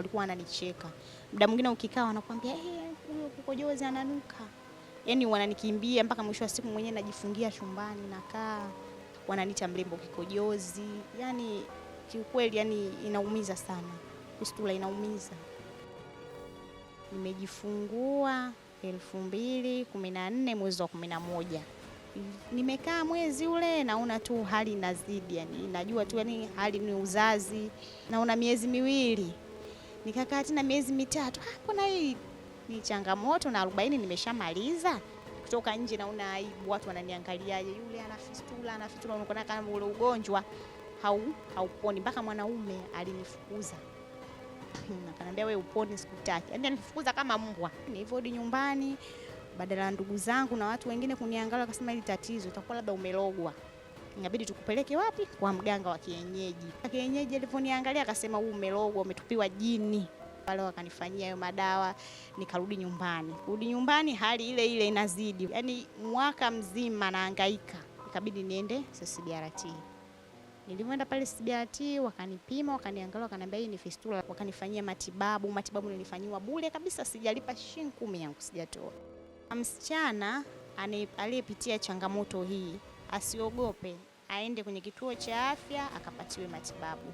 walikuwa wananicheka. Muda mwingine ukikaa wanakuambia eh, huyo hey, kokojozi ananuka, yaani wananikimbia mpaka mwisho wa siku mwenyewe najifungia chumbani nakaa, wananiita mlembo kikojozi. Yaani kiukweli, yani inaumiza sana, fistula inaumiza. Nimejifungua 2014 mwezi wa 11 nimekaa mwezi ule, naona tu hali inazidi, yani najua tu yani hali ni uzazi, naona miezi miwili nikakaa tena miezi mitatu. Ah, kuna hii ni changamoto? na arobaini nimeshamaliza kutoka nje, naona aibu, watu wananiangaliaje? Yule ana fistula, ana fistula, unakuwa kama ule ugonjwa hau hauponi. Mpaka mwanaume alinifukuza hmm, akaniambia, wewe uponi, sikutaki. Yani alinifukuza kama mbwa. Nilivyorudi nyumbani, badala ya ndugu zangu na watu wengine kuniangalia, akasema hili tatizo utakuwa labda umelogwa inabidi tukupeleke wapi? Kwa mganga wa kienyeji. Kienyeji alivyoniangalia akasema, huu umelogwa, umetupiwa jini. Wale wakanifanyia hayo madawa, nikarudi nyumbani. Kurudi nyumbani, hali ile ile inazidi, yaani mwaka mzima naangaika, ikabidi niende CCBRT. Nilivyoenda pale CCBRT, wakanipima, wakaniangalia, wakaniambia hii ni fistula, wakanifanyia matibabu. Matibabu nilifanyiwa bure kabisa, sijalipa shilingi 10 yangu sijatoa. Msichana aliyepitia changamoto hii asiogope, aende kwenye kituo cha afya akapatiwe matibabu.